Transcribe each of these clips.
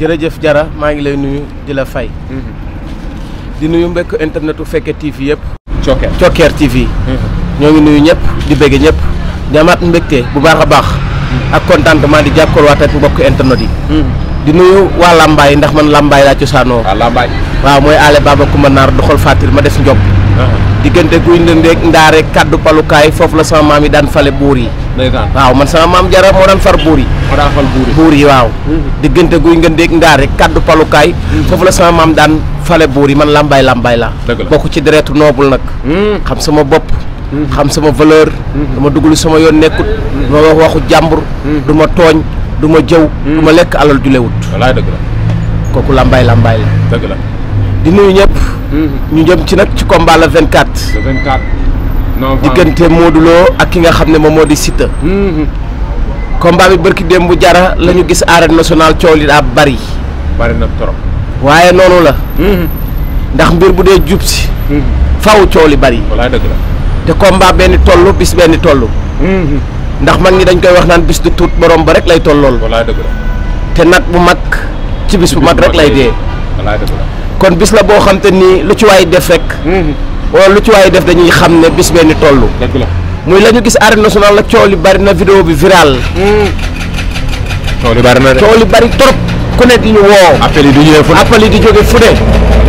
jërëjëf jara maa ngi lay nuyu di la fay mhm. di nuyu mbekk internetu fekke tv yep cokkeer cokkeer tv mhm. ñoo ngi nuyu ñëpp di bëgge ñëpp di amaat mbégte bu baax a baax mhm. ak contentement di jàkkoolwaat ak mbokk internet yi di nuyu waa lambaay ndax man lambaay laa cosaanoo waaw lambaay waaw mooy aale baaba kumba naar doxal fatir ma des njob ku guy ndëndeeg ndaare kaddu palukaay fofu la sama mami dan daan fale buur yi waaw man sama mam jara mo daan far buur yi moo daan fal buur yi buur yi waaw mhm. diggante guy ndëndeeg kaddu palukaay mhm. fofu la sama mam daan falé buur yi man lambay lambay la bokku ci deretu noble nak mhm. xam sama bop xam sama valeur dama duglu sama yoon nekkut duma wax waxu jàmbur duma togn duma jëw duma lek alal julewut lewut deug la koku lambay lambay la deug la di nuyu ñepp Mm-hmm. ñu jëm ci nag ci combat la 24. le 24 novembre diggante Modou Lo ak ki nga xam ne moom moo di Siteu. Mm-hmm. combat bi bërki démb jara lañu ñu gis arène nationale coow li daa bari. bari na trop. waaye noonu la. Mm-hmm. ndax mbir bu dee jub si. faaw coow li bari. walaay dëgg la te combat benn toll bis benn toll. ndax mag ñi dañ koy wax naan bis du tuut borom ba rek lay tollool. walaay dëgg te nat bu mag. ci bis bu mag rek lay dee. kon bis la boo xam te ni lu ci waay def rek. Mm-hmm. wala lu ci waay def dañuy xam ne bis benn toll. dëgg la muy la ñu gis arène nationale nag coow li bari na vidéo bi viral. Mm-hmm. coow li bari na de coow li bari trop. ku ne di ñu woo. appel di jóge fu ne appel yi ne.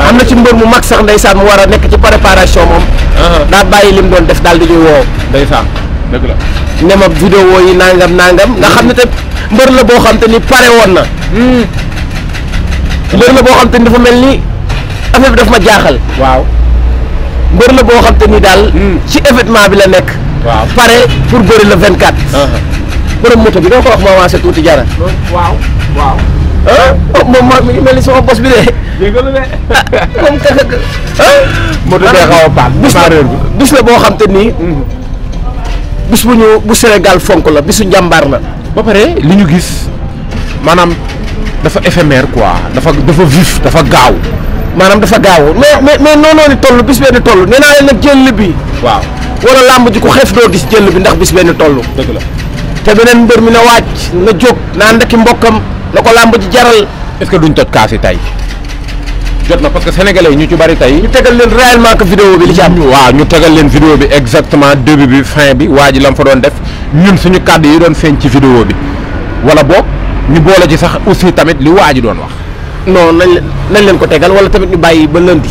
am na ci mbër mu mag sax ndeysaan mu war a nekk ci préparation moom. Uh-huh. daa bàyyi lim doon def daal di ñuy woo. ndeysaan dëgg la. ne yi nangam nangam. nga xam ne te mbër la boo xam te ni pare woon na. Mm-hmm. mbër la boo xam te ni dafa mel ni. affaire bi daf ma jaaxal. waaw mbër la boo xam te ni daal. Hmm. ci événement bi la nekk. waaw pare pour bëri vingt 24. Uh-huh. borom moto bi doo ko wax ma avancé tuuti jara. waaw waaw. ah oh, moom ma mi ngi mel ni sama bos bi de. dégg nga lu ne moom ah, kaka ah. moto xaw a paal bis la bis la boo xam te ni. Hmm. bis bu ñu bu Sénégal fonk la bisu njàmbaar la. ba pare li ñu gis maanaam dafa éphémère quoi dafa dafa vif dafa gaaw. manam dafa gaaw mais mais nono ni tollu bis ben tollu neena len nak jël bi waaw wala lamb ji ko xef do gis jël bi ndax bis ben tollu deug la te benen mbeur mi na wacc na jog na ndaki mbokam lako lamb ji jaral est ce que duñ tot kasi tay jotna parce que sénégalais ñu ci bari tay ñu tégal leen réellement que vidéo bi li ci am waaw ñu tégal leen vidéo bi exactement début bi fin bi waji lam fa doon def ñun suñu cadre yi doon fën ci vidéo bi wala bok ñu boole ci sax aussi tamit li waji doon wax non nañ leen nañ leen ko tegal wala tamit ñu bàyyi ba lundi.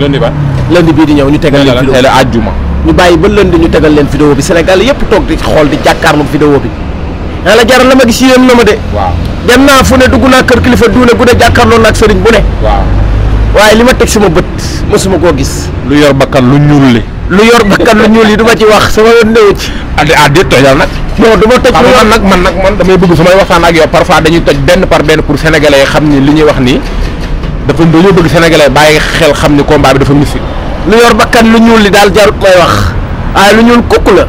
lundi ba lundi bii di ñëw ñu tegal leen vidéo bi àjjuma ñu bàyyi ba lundi ñu tegal leen vidéo bi Sénégal yëpp toog di xool di jàkkaarlu vidéo bi yaa la jaral la ma gis yéen na ma de waaw dem naa fu ne dugg naa kër kilifa duune gu ne jàkkaarloo naag sëriñ bu ne waaw waaye li ma teg sama bët mësuma koo gis lu yor bakkan lu ñuul lu yor bakkan lu ñuul yi du ci wax sama yoon néew ci. addi addi tojal nag. non du ma toj lu man nag man nag man damay bëgg su may wax waxtaan ak yow parfois dañuy toj benn par benn pour sénégalais xam ni li ñuy wax nii dafa dañoo bëgg sénégalais bàyyi xel xam ni combat bi dafa mystique. lu yor bakkan lu ñuul li daal jarut koy wax waaye lu ñuul kukk la.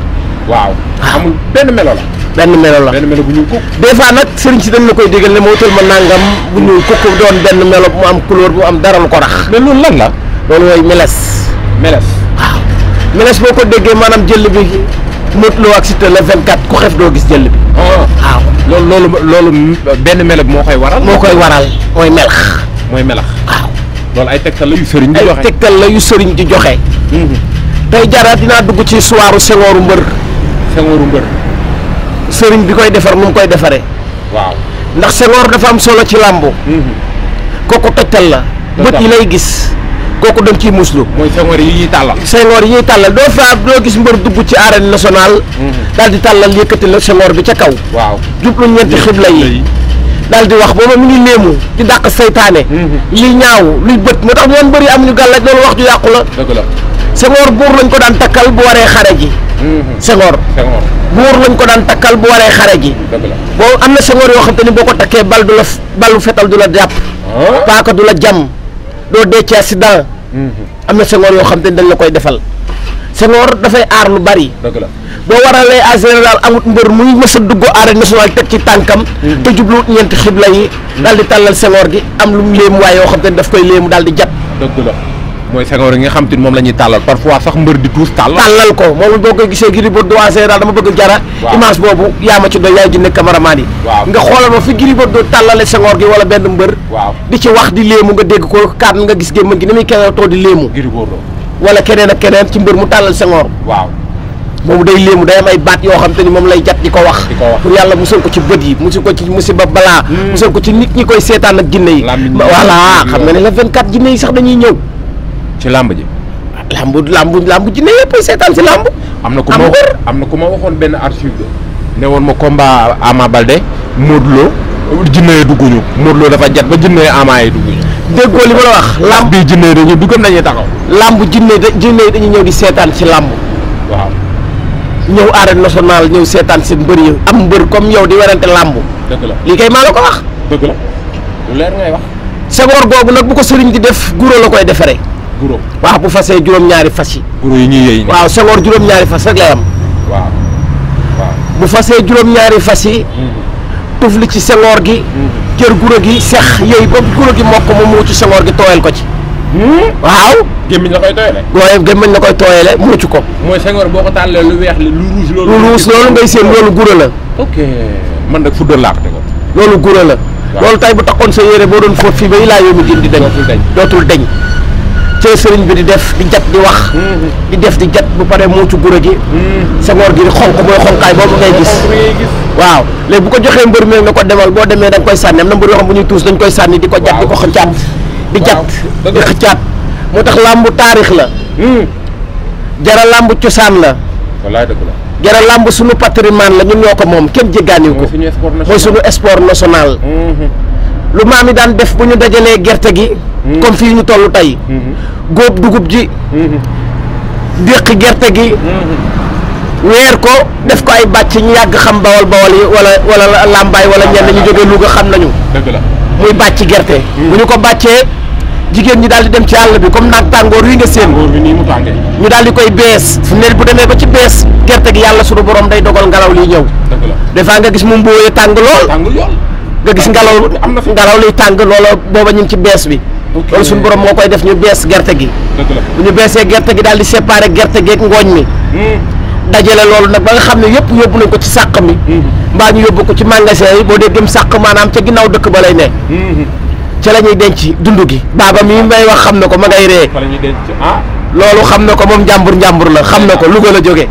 waaw xamul ah. benn melo la. benn melo la benn melo bu ñuul kukk. des fois nag sëriñ si dañ la koy digal ne ma wutal ma nangam bu ñuul kukk doon benn melo bu mu am couleur bu am dara lu ko rax. mais loolu lan la. loolu mooy meles. meles. Ménès boo ko déggee maanaam jël bi Modou Lo ak Siteu la 24 ku xef doo gis jël bi. Ah. waaw loolu loolu loolu benn melax moo koy waral. moo koy waral mooy melax. mooy melax waaw. loolu ay tegtal la yu sëriñ di joxe ay tegtal la yu sëriñ di joxe. Mm-hmm. tey jara dinaa dugg ci suwaaru sengooru mbër. sengooru mbër. sëriñ bi koy defar nu koy defaree. waaw ndax sengoor dafa am solo ci làmbu. Mm-hmm. kooku tegtal la. bët yi lay gis. koku dañ ci muslu moy sengor yi ñuy talal sengor yi ñuy talal do fa do gis mbeur dugg ci arène nationale mm-hmm. dal di talal yëkëti la sengor bi ca kaw waaw djublu ñent xibla yi dal di wax booba mu ngi lemu di dàq setané mm-hmm. li ñaaw luy bët moo tax yoon bëri am ñu gàllaaj loolu wax ju yàqu la dëgg la sengoor buur lañ ko daan takal bu waré xaré ji mm-hmm. sengoor bur lañ ko daan takal bu waré xaré ji boo am na sengoor yoo xam te ni boo bal du la balu fetal du la japp jàpp ah? paaka du la jam doo dee ci accident. Mm-hmm. am na Senghor yoo xam te ne dañ la koy defal Senghor dafay aar lu bari. dëgg la boo waralee en général amut mbër muy mës a dugg arène nationale teg ci tànkam. te mm-hmm. jubluwut ñeenti xibla yi. Mm-hmm. daal di tàllal Senghor gi am lu mu léemu waaye yoo xam te ni daf koy léemu daal di jat dëgg la. mooy Senghor nga xam tin mom lañuy talal parfois sax mbeur di tuus talal talal ko mom boo koy gisee Gris Bordeaux en général dama bëgg jara image bobu yama ci do yaay jinne cameraman yi nga xolal ma fi giri Gris Bordeaux tàllale Senghor gi wala benn mbeur di ci wax di lemu nga deg ko kat nga gis gem gi nimuy kene to too di léemu Gris Bordeaux wala keneen ak keneen ci mbeur mu tàllal Senghor waaw mom day lemu day am ay bat yo xam te mom lay jatt diko wax pour yàlla musal ko ci beut yi musal ko ci musiba balaa hmm. musal ko ci nit ñi koy seetaan ak jinne yi wala xam nga ne la 24 jinne yi sax dañuy ñew ci làmb ji. làmb làmb làmb ji ne yëpp seetaan si làmb. am na ku ma am na ku ma waxoon benn archive ne woon ma combat Ama Balde Modou Lo jinne dugguñu Modou Lo dafa jat ba jinne Ama yi dugguñu. déggoo li ma la wax. làmb bi jinne dañuy duggam dañuy taxaw. làmb jinne jinne dañuy ñëw di seetaan si làmb. waaw. ñëw arène nationale ñëw seetaan seen mbër yi am mbër comme yow di werante làmb. dëgg la lii kay maa la ko wax. dëgg googu nag bu ko sëriñ di def guro la koy defaree. guro waaw bu fasee juróom-ñaari fas yi. guro yi ñuy yëy. waaw Senghor juróom-ñaari fas rek lay am. waaw waaw. bu fasee juróom-ñaari fas yi. Mm-hmm. tufli ci Senghor gi. Mm-hmm. jër guro gi sex yëy ba guro gi mokk mu muucu Senghor gi tooyal ko ci. Hmm? waaw. gémmiñ la koy tooyale. waaye gémmiñ la koy tooyale muucu ko. mooy Senghor boo ko tàllee lu weex li lu rouge loolu. lu rouge loolu ngay seen loolu guro la. ok man nag fuddal laa ko tegoon. loolu guro la. loolu tay bu takkoon sa yére boo doon fóot fii ba ilaa yow mi gindi dañ. dootul dañ dootul dañ ci serigne bi di def di jatt di wax di def di jatt bu paré mo ci gura gi sa ngor gi xonk moy xonkay bobu ngay gis waaw légui bu ko joxe mbeur mi nako demal bo demé dang koy sanni na mbeur yo xam bu ñuy tous dañ koy sanni diko jat diko xëccat di jatt di xëccat motax lambu tarikh la jara lambu ciosan la wallahi deug la jara lambu suñu patrimoine la ñun ñoko mom kenn jégganiw ko moy suñu sport national lu maam yi daan def bu ñu dajalee gerte gi. Hmm. comme fii ñu toll tey. Hmm. góob dugub ji. Hmm. déq gerte gi. weer ko def ko ay bàcc ñu yàgg xam bawal bawal yi wala wala làmbaay wala ñenn ñu jógee Louga xam nañu. dëgg la muy bàcc gerte. bu ñu ko bàccee jigéen ñi daal di dem ci àll bi comme naag tàngoor wi nga seen. ñu daal di koy bees fu ne bu demee ba ci bees gerte gi yàlla suñu borom day dogal ngelaw liy ñëw. dëgg la nga gis mu mbooyee tàng lool. nga gis ngelaw ngelaw liy tàng loola booba ñu ngi ci bees bi loolu suñu borom moo koy def ñu bees gerte gi bu ñu beesee gerte gi daal di séparé gerte gi ak ngooñ mi hmm. dajale loolu nag ba nga xam ne yëpp yóbbu nañ ko ci sàq mi hmm. mbaa ñu yóbbu ko ci magasin yi boo dee gëm sàq maanaam ca ginnaaw dëkk ba lay ne hmm. ca la ñuy denc dund gi baaba mi may wax xam ne ko ma ngay ree ah. loolu xam na ko moom njàmbur njàmbur la xam na ko lu Louga la jógee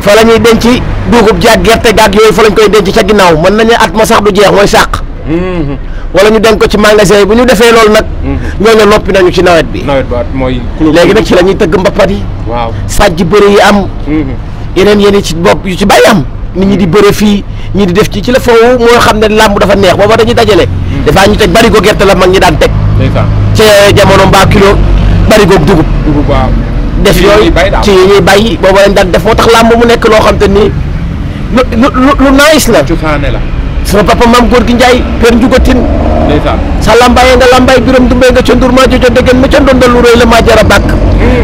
fa la ñuy denc dugub jaag gerte gaag yooyu fa lañ koy denc ca ginnaaw mën nañu at ma sax du jeex mooy sàq. Mm-hmm. wala ñu denc ko ci magasin yi bu ñu defee loolu nag. Mm-hmm. ñooñu noppi nañu ci nawet bi. nawet ba mooy. léegi nag ci la ñuy tëgg mbappat yi. waaw sàjj bëri yi am. Mm-hmm. yeneen yéen ci bopp yu ci bàyyi am. nit ñi di bëre fii ñi di def ci ci la foofu moo xam ne làmb dafa neex booba dañuy dajale. dafaa ñu teg bari ko gerte la mag ñi daan teg. ca jamono mbaa kilo bari dugub. dugub waaw. def yoy ci ñi ñuy bay boobu lañ daan def motax lamb mu nekk lo xamanteni lu lu lu nice la cufaane la sama papa mam gor gi ndjay per njugatin sa lambay nga lambay biram be nga ndur ma ci degen ma ndondal lu reey la ma jara bak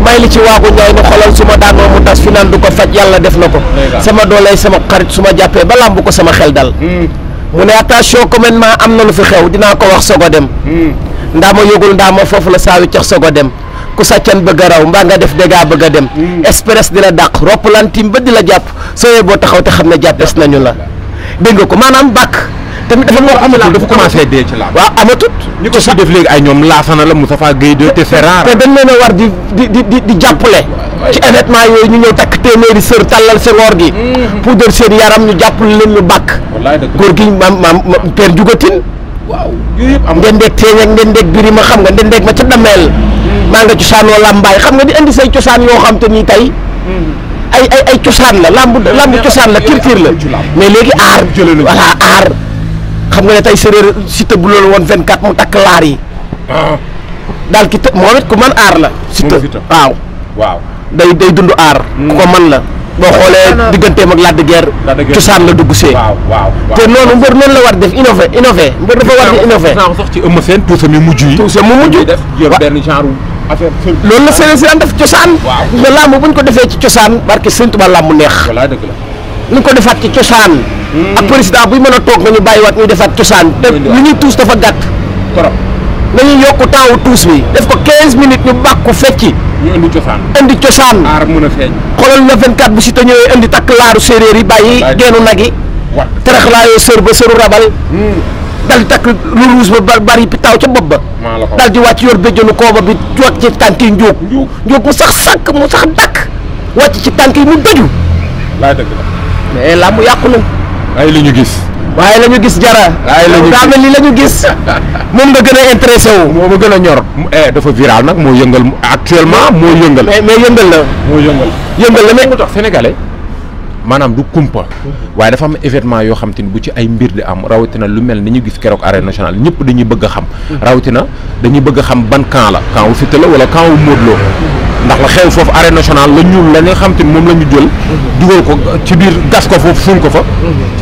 may li ci waxu ñay no xolal suma daano mu tas final du ko fajj yalla def nako sama doolay sama xarit suma jappe ba lamb ko sama xel dal hmm. mu ne attention comment amna lu fi xew dina ko wax sogo dem hmm. ndama yogul ndama fofu la sawi ci sogo dem ku sàccan bëgg a raw mbaa nga def dégâts bëgg a dem mm. express di la dàq roppalaan tiim ba di la jàpp sooyee boo taxaw te xam ne jàppes nañu la dégg nga ko maanaam bàkk tamit dafa moo amatul dafa commencé dee ci làmb waaw amatut ko si def léegi ay ñoom laasana la Moustapha de te c'est rare te dañ leen a war di di di di jàppale ci événement yooyu ñu ñëw takk téeméeri sër tàllal sengoor gi mm-hmm. poudre seen yaram ñu jàppale leen ñu bàkk góor gi maam maam père jugatin waaw yooyu yëpp am ndendeeg teeñ ak ndendeeg birima xam nga ndendeeg ma ca dameel hmm. maa nga cosaanoo làmbaay xam nga di indi say cosaan yoo xam te ni tey hmm. ay ay cosaan la lamb lamb cosaan la culture la mais léegi aar voilà aar xam nga ne tey séréer Siteu bu loolu woon 24 mu takk laar yi ah. daal ki moo moom it ku mën aar la Siteu waaw waaw day day dund aar ku ko man hmm. la boo xoolee digganteem ak Lac de Guiers cosaan la dugg see te noonu mbër noonu la war def innové innové mbër dafa war di innové sax ci ëmb seen tuusa mi mujj yi tuusa loolu la seen seen def cosaan nga làmb bu ñu ko defee ci cosaan barke Sëriñ Tuubaa làmb neex lu ñu ko defaat ci cosaan hmm. ak président buy mën a toog nga ñu bàyyiwaat ñuy defaat cosaan te lu ñuy tuus dafa gàtt nañu yokk taawu tuus bi def ko 15 minutes ñu bàkku fecci. ñu indi cosaan indi cosaan. aar mën bu si te ñëwee indi takk laaru séeréer yi bàyyi. geenu nag yi. waaw teraxlaayoo sër ba sëru rabal. Hmm. dal takk lu ruus ba bari bi taw ca bopp ba. dal di wàcc yor béjjënu kooba bi wàcc ci tànk yi njóog. njóog mu sax sànq mu sax dàkk. wàcc ci tànk yi mu daju. laay dëgg la mais làmb yàqu na. ay li ñu gis. waaye la ñu gis jara. waaye la ñu gis daamel li la ñu gis moom nga gën a intéressé moo ma gën a ñor. Eh, dafa viral nag moo yëngal actuellement moo yëngal. mais mais yëngal la. moo yëngal yëngal la mais mu tax maanaam du kumpa. waaye dafa am événement yoo xam ni bu ci ay mbir di am rawatina lu mel ni ñu gis keroog arène national ñëpp dañuy bëgg xam. Mm-hmm. rawatina dañuy bëgg xam ban camp la. camp u Siteu la wala camp wu Modou ndax la xew foofu arène national la ñuul la nga xam te ni moom la ñu jël. Mm-hmm. dugal ko ci biir gas ko foofu suul ko fa. Mm-hmm.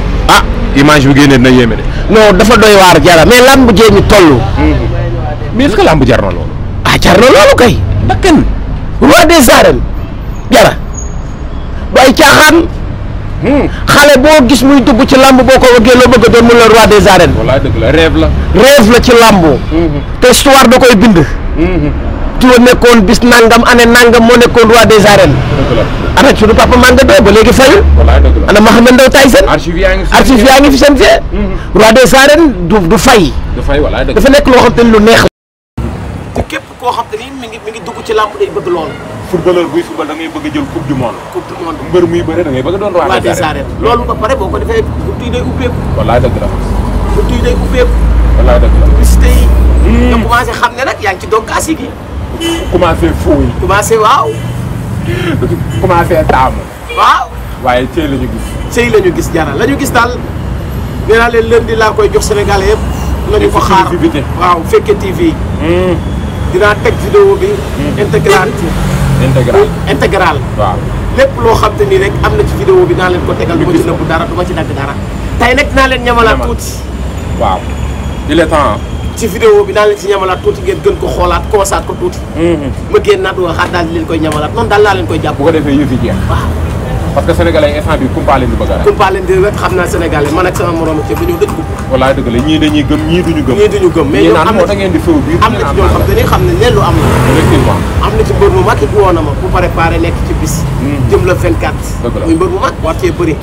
image bu génnee dina yéeme de. non dafa doy waar jara mais làmb jee ñu toll. Hmm. mais est-ce loolu. ah jar loolu kay. bakkan roi des arènes jara doy caaxaan. Hmm. xale boo gis muy dugg ci làmb boo ko wëggee loo bëgg a doon mu la roi des arènes. walaay ci làmb. Hmm. te histoire da koy bind. Arthur nekkoon bis nangam ane nangam moo nekkoon roi des arènes ana ci sunu papa Manga do ba legi fayul ana Mahamed Ndao Tyson archive yaa ngi fi sen fi mhm. roi des arènes du du fay wala dafa nekk loo xam te lu neex ku kep ko xam mi ngi mi ngi dugg ci làmb day bëgg lool footballeur buy football da ngay bëgg jël coupe du monde coupe du monde mbeur muy bëre da ngay bëgg don roi des arènes loolu ba pare boko defé defee buntu day uppé wala dëgg la buntu yi day uppé wala dëgg la ci tay hmm. nga commencé xam nak nag ci dog kaas yi Comment Komanse fwoy. Komanse waw. Komanse tam. Waw. waaye cëy la ñu gis. cëy la ñu gis jaral la ñu gis daal nee naa le lundi laa koy jox Sénégal yëpp. nañu ko xaar waaw fekke TV. Hmm. dinaa teg vidéo bi. Hmm. intégral intégrale. Intégrale. waaw lépp loo xam te ni rek amna ci vidéo bi naa len ko tégal ko ma na bu dara du ma ci dagg dara. tay nak na len ñamala tout waaw il est temps. ci vidéo bi daal leen ci ñamalaat tuuti gën ko xoolaat koosaat ko tuuti. Mhm. ma génn naat waxaat daal leen koy ñamalaat noonu daal laa leen koy jàpp. bu ko defee yëf yi jeex. ñii dañuy gëm ñii duñu gëm. ñii duñu gëm mais ñoom am na ngeen di fëw biir am na ci ñoo xam ne leen lu am la. am na ci mbër mu mag it woon na ma bu préparé nekk ci bis. Mhm. jëm la 24. muy mbër mu mag war cee bëri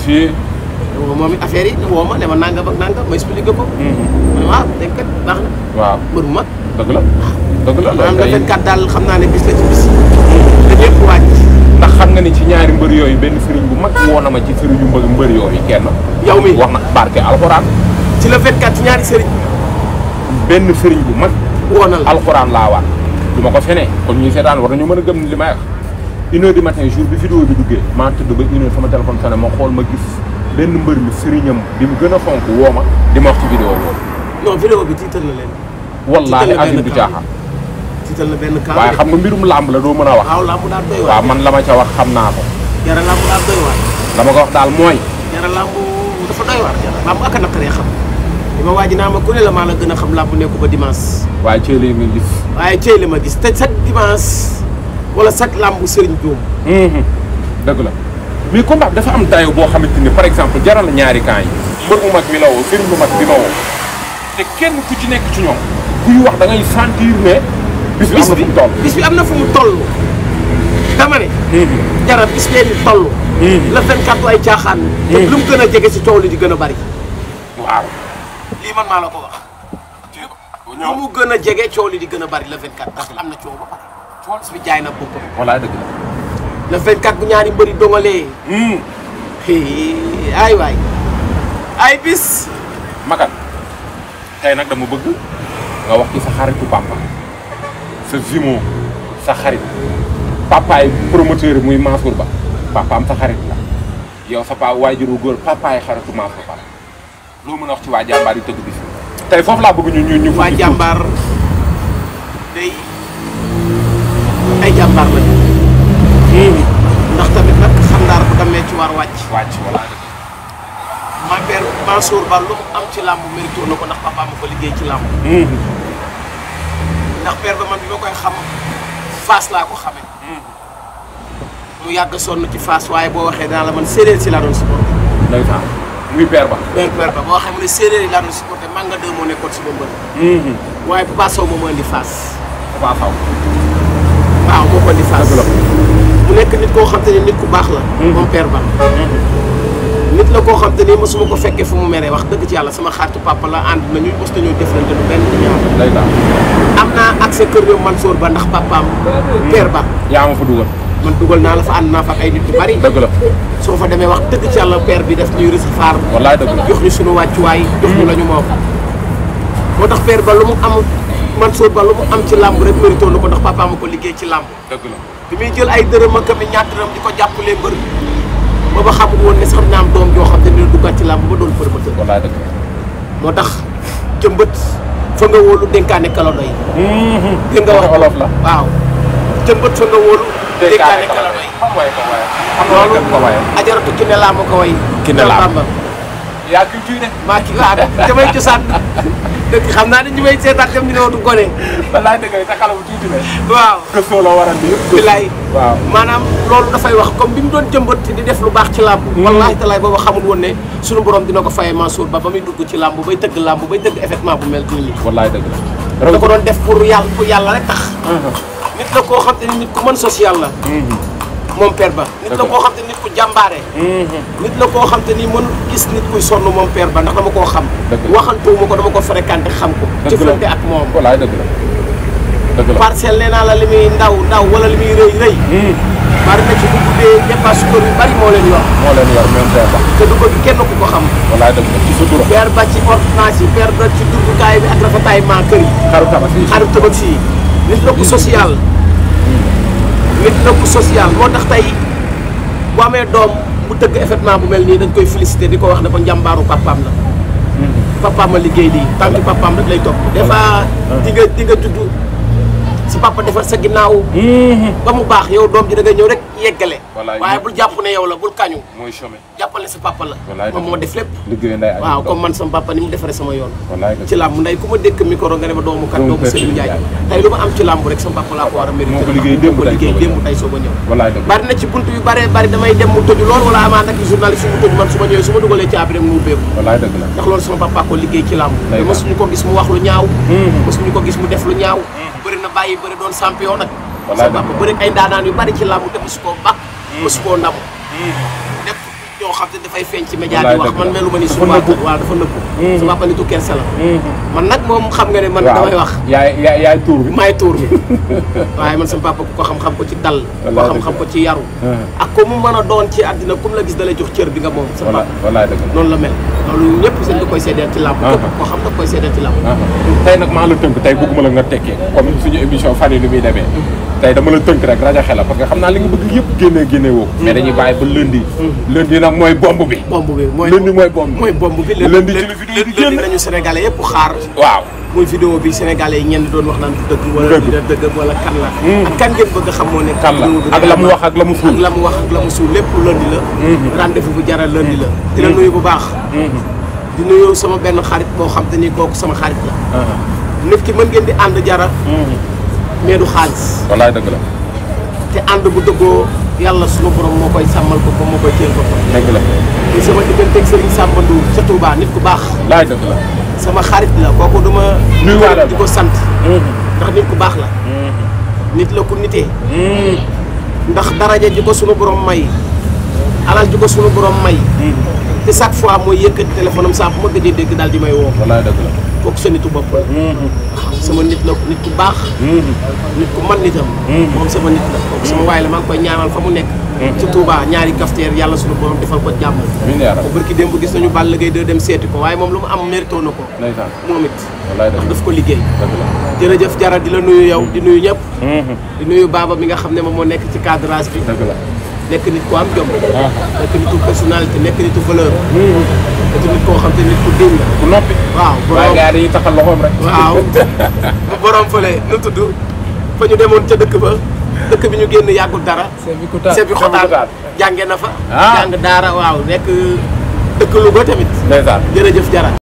moom it affaire yi woo ma ne ma nangam ak nangam ma expliqué ko. Mhm. ma ne waaw dégg kat na. waaw mbër bu mag. dëgg la ah. dëgg la loolu kay maanaam daal xam naa ne bis la mhm. ndax xam nga ni ci ñaari mbër yooyu benn sëriñ bu mag woo na ma ci sëriñu mbër mbër yooyu kenn. yow mi wax na barke alxuraan. ci la 24 ci ñaari sëriñ. benn sëriñ bu mag. woo na la alxuraan laa waat. du ma ko fene kon ñuy seetaan war nañu mën a gëm li ma wax une heure du matin jour bi vidéo bi duggee maa tëdd ba une sama téléphone sonné xool ma gis benn mbër mi sëriñam bi mu gën a xonq woo ma di ma wax ci vidéo boobu. non vidéo bi tiital na leen. wallaahi azim du caaxaan. tiital benn cas xam nga mbirum làmb la doo mën a wax. waaw làmb daal man la ma ca wax xam naa ko. yàlla ko wax daal mooy. yàlla làmb dafa doy waar. yàlla a naqaree xam. li ma waaj naa ma ku ne la maa la gën a xam làmb nekku ba dimaas waaye cey li ma gis. te chaque dimanche wala chaque làmb sëriñ Dioum. dëgg la. mais combat bi dafa am dayo boo xamante ni par exemple jaral ñaari kaa yi mbër mu mag bi la woo sëriñ bu mag bi la te kenn ku ci nekk ci ñoom kuy wax da ngay sentir ne bis bi am na fu mu toll am na fu mu toll dama ne mhm. jara bis bee ni toll mhm. la ay lay caaxaan mhm. te lu mu gën a jege si coow li di gën a bari waaw lii man maa la ko wax lu mu gën a jege coow li di gën a bari la 24 ndax am na coow ba pare coow bis bi na boppam wala dëgg la le 24 bu ñaari mbeuri dongalé hmm ay way ay bis. makat tay nak dama bëgg nga wax ci sa xarit papa ce vimo sa xarit papa ay promoteur muy Mansour Ba papa am sa xarit la yow sa paa waajuru góor papaay xaritu Mansour Ba loo mën a wax ci wa jambar yu tëgg bis tay fofu la bëgg ñu ñu ñu. wa jambar day ay jambar la ndax tamit nag xam ndaar bu demee ci waar wàcc. wàcc voilà. ma père Mansour Ba lu am ci làmb mérite na ko ndax papa ma ko liggéey ci làmb. Hmm. ndax père ba man bi ma koy xam faas laa ko xame hmm. mu yàgg sonn ci faas waaye boo waxee daal la man séeréer si laa doon supporté. ndeysaan muy père ba. père ba boo xam ne séeréer yi laa doon supporté manga deux nekkoon si bëmbër. Hmm. waaye Papa Sow moo ma indi faas. Papa Sow. waaw moo ko indi faas. mu nekk nit koo xam te ne nit ku baax la hmm. moom père ba nit la koo xam te ni mosuma ko fekkee fu mu meree wax dëgg ci yàlla sama xaatu papa la ànd nañu mos nañoo jëflante du benn ñaar am naa accès kër ñoom Mansour ba ndax papaam père ba yaa ma fa dugal man dugal naa la fa ànd naa fa ay nit yu bari dëgg la soo fa demee wax dëgg ci yàlla père bi def ñuy recevoir wallaay dëgg la jox ñu suñu wàccuwaay jox ñu hmm. la ñu moom père ba lu mu am Mansour ba lu mu am ci làmb rek mérito lu ko ndax papaam a ko liggéey ci làmb dëgg la bi muy jël ay dërëm ak mi ñaar dërëm di ko jàppalee mbër ba ba xamul woon ne sax dina am doom joo xam te dina duggaat ci làmb ba doon promoteur moo tax jëmbët fa nga wóolu dénkaane kala doy mm-hmm. dégg nga wax olof la waaw jëmbët fa nga wóolu dénkaane kala doy ajaratu ki ne ko way ki yaa culture maa ki laada damay cosaan dëkk xam naa ne ñu may seetaat dem ñu ne du gone. balaa dëgg te xale bu tuuti la. waaw question la a nuyu. bilaay maanaam loolu dafay wax comme bi ñu doon jëmbat di def lu baax ci làmb. Hmm. wallaahi talaay booba xamul woon ne sunu borom dina ko fayee Mansour ba ba muy dugg ci làmb bay tëgg làmb bay tëgg événement bu mel nii. wallaahi dëgg la. ko doon def pour yàlla pour yàlla rek tax. Hmm. nit la koo xam te nit ku social la. Hmm. moom Père Ba nit la koo xam te nit ku jàmbaare mhm. nit la koo xam te ni mën gis nit kuy sonn moom Père Ba ndax dama koo xam waxantuwu ma ko dama ko fréquenté xam ko jëflante ak moom walaay dëgg la parcelle nee naa la li muy ndaw ndaw wala li muy rëy rëy mhm. bari na ci bu guddee dépasse kër bari moo leen yor moo leen yor même Père Ba te du kenn ku ko xam walaay dëgg la ci sutura Père Ba ci ordonnance yi Père Ba ci dundukaay bi ak rafetaay maa kër yi xaru tabax yi nit la ko mhm. social nga dina ko social moo tax tey bu amee doom bu tëgg événement bu mel nii dañ koy félicité di ko wax ne ko njàmbaaru papaam la. Hmm. papaam a liggéey lii tànk papaam rek lay topp. des fois ah. di nga sa papa defar sa ginnaaw. Mhm. ba mu baax yow doom ji da ngay ñëw rek yeggale. waaye bul jàpp ne yow la bul kañu. mooy papa la. moom moo def lépp. liggéey ndey waaw comme man yoon. ci làmb ndey ku ma dékk micro rek sama bari na ci buntu yu bare bari damay dem mu tëju lool wala amaat ak journaliste mu tëju man su ñëwee su dugalee caabi rek mu ubbeeku. ndax loolu sama papa liggéey ci làmb. ma ko gis mu wax lu ñaaw. ma mhm. ko gis mu def lu ñaaw mhm. bàyyi bëri doon champion nag. sa papa bëri yu bari ci làmb te mosu koo bàq. Hmm. mosu koo yoo xam te dafay feeñ ci di wax man melu ni suñu waa dafa nëbb sama papa nitu kersa la man nag moom xam nga ne man damay wax yaay yaay yaay bi maay tuur bi man sama papa ko xam-xam ko ci dal ko xam-xam ko ci yaru mhm. ak mu a ci la gis jox bi nga sama papa noonu la mel loolu ñëpp seen da koy ci làmb képp mhm. xam da koy seedeel ci làmb mhm. tey nag maa la tënk tey bëgguma la nga tekkee comme suñu émission fan yi muy demee tey dama la tënk rek rajo xela parce que xamna li nga bëgg yépp génnee génnee wo mais dañuy bàyyi ba lundi lundi nag mooy bomb bi. bomb bi mooy lundi mooy bomb bi. mooy bomb bi lundi ci la vidéo bi xaar. waaw muy vidéo bi sénégalais yi ñenn doon wax naan du dëgg. wala du dëgg wala kan la. ak hmm. kan ngeen bëgg a xam moo nekk. kan la ak la mu wax ak la mu suul la mu wax ak la mu suul lépp lundi la. Hmm. rendez-vous jara jaral lundi la. Hmm. di la nuyu bu baax. di nuyu sama benn xarit boo xam te ni kooku sama xarit la. Ah. nit mën ngeen di ànd jara mais du xaalis. wallaay dëgg la. te ànd bu dëggoo yàlla suma borom moo koy sàmmal ko moo koy téel ko dëgg la. te sama digganteeg Serigne Samba Ndour Touba nit ku baax. laay dëgg la. sama xarit la kooku duma ma. di ko sant. Mm-hmm. ndax nit ku baax la. Mm-hmm. nit la ku nitee. Mm-hmm. ndax daraja ji ko borom may. alal ji ko borom may. te chaque fois mooy yëkkati téléphone am saa bu ma di may woo. wallaay dëgg la. kooku sa nitu bopp la. Mm-hmm. sama nit la nit ku baax. Mm-hmm. nit ku man nitam. Mm-hmm. moom sama nit la kooku sama waay la maa koy ñaanal fa mu nekk. ci Touba ñaari kafteer yàlla suñu borom defal ko jàmm. ko barki démb gis nañu Balla Gaye 2 dem seeti ko waaye moom lu mu am mérito na ko. moom it ndax daf ko liggéey. jërëjëf Jara di la nuyu yow di nuyu ñëpp. di nuyu Baba bi nga xam ne moom moo nekk ci cadrage bi. nekk nit ku am jom. Ah. nekk nit ku personnalité nekk nit ku valeur. Hmm. nekk nit koo xam te nit ku diw la. noppi waaw borom gaa dañuy taxal loxoom rek. waaw nu tudd fa ñu demoon ca dëkk ba dëkk bi ñu génn yàggul dara. Sèbi Koutaar jànge na fa. Ah. jàng daara waaw nekk dëkk Louga tamit. ndeysaan jërëjëf Jara.